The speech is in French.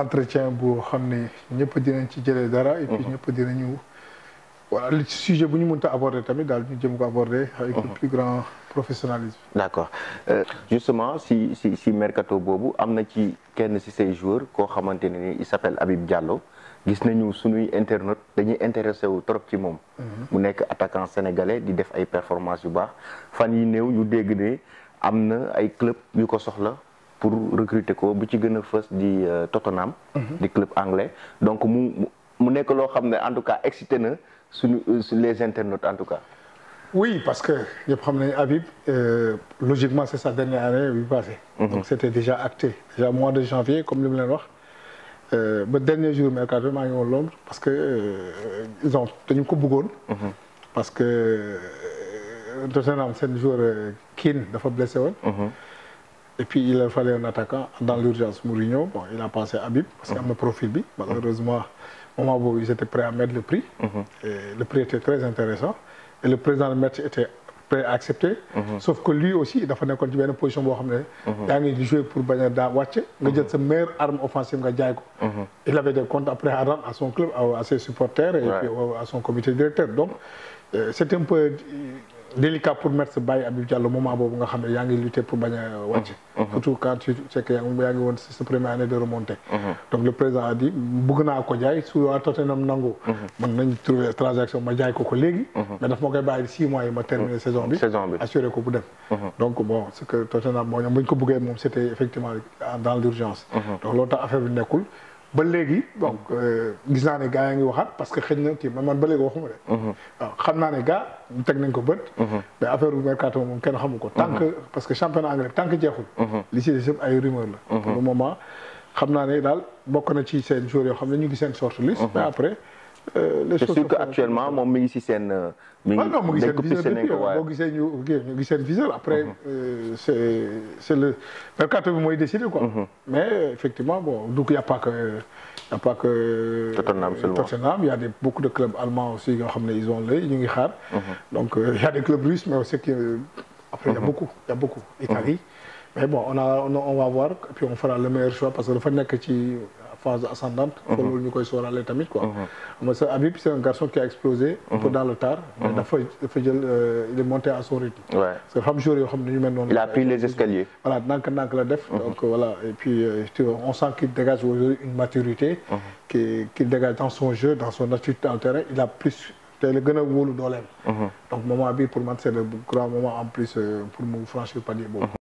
entretien bu xamné ne ñëpp dinañ ci jëlé dara. et puis mhm. ñëpp dinañu voilà le sujet bu ñu mënta aborder tamit dal ñu jëm ko aborder. avec le mhm. plus grand professionnalisme. d'accord euh, justement si si si mercato bobu amna ci kenn ci ces joueurs ko xamante ni il s'appelle Habib Diallo gis nañu suñuy internet dañuy intéressé wu trop ci mom mhm. mu nekk attaquant sénégalais di def ay performances yu baax fan yi néew ñu dégg né amna ay club yu ko soxla pour recruter ko bu ci gëna de euh, Tottenham. Mhm. du club anglais donc mu mu que lo xamné en tout cas excité na euh, les internautes en tout cas. Oui, parce que je xam Habib, Habib euh, logiquement c'est sa dernière année bi passée. Mhm. donc c'était déjà acté déjà mois de janvier comme le mu leen mais dernier jour me suis même en l'ombre, parce que ils ont tenu de bëggoon. Mhm. parce que Tottenham le joueur kin dafa blessé et puis, il fallait un attaquant dans l'urgence. Mourinho, bon, il a passé Bib, parce qu'il a mhm. un profil. Malheureusement, au moment où ils étaient prêts à mettre le prix, mhm. le prix était très intéressant. Et le président du match était prêt à accepter. Mhm. Sauf que lui aussi, il a fait une position il a joué pour Banyada Wache, il sa arme offensive. Il avait des comptes après à rendre à son club, à ses supporters et à son comité directeur. Donc, euh, c'est un peu délicat pour mettre Baye Habib Diallo moment où nga xam ne yaa ngi lutter pour bañ a mhm, mhm. surtout quand tu sais que yaa ngi woon sa première année de remontée mhm. donc le président a dit bëgg naa ko jaay su waa Tottenham nangu mën nañ trouver transaction ma jaay ko ko léegi mais daf ma koy bàyyi six mois yi ma terminer saison bi assuré ko bu dem donc bon ce que Tottenham moo ñoom ñu ko c'était effectivement dans l'urgence donc l'autre affaire bi cool. ba léegi donc euh, gis naa ne gars yaa ngi waxaat parce que xëy na kii man man ba léegi waxuma de. Mhm. waaw xam naa ne gars teg nañ ko bët. Mhm. mais affaire bu mercato moom kenn xamu ko. tant que mhm. parce que championnat anglais tant que jeexul. li ci des yëpp ay rumeur la. pour le moment xam naa ne daal bokk na ci seen joueurs yoo xam ne ñu ngi seen short list mais après. Euh, les choses. je suis qu'actuellement mon mi Sen. si seen. Euh, mi ngi après mhm. euh, c'est le... Mais quand le mercato décidé quoi. Mhm. mais effectivement bon donc y' a pas que y' a pas que. Tottenham seulement Tottenham y' a des beaucoup de clubs allemands aussi ils ont lay donc ngi xaar. Mhm. donc y' a des clubs russes mais aussi qu'après après y' a beaucoup Il y' a beaucoup Italie. mais bon on a on va voir et puis on fera le meilleur choix parce que fait que tu phase ascendante. loolu mhm. nous koy sóoraale tamit quoi. xam mhm. Habib c'est un garçon qui a explosé. un peu mhm. dans le tard. mais il dafa jël euh, il est monté à son rythme. il a pris les escaliers. voilà donc nank la def. donc voilà et puis euh, on sent qu'il dégage aujourd'hui une maturité. qu'il qui dégage dans son jeu dans son attitude dans terrain il a plus. C'est le gën a wóolu donc moment bi pour moi, c'est le grand moment en plus euh, pour me franchir palier bon.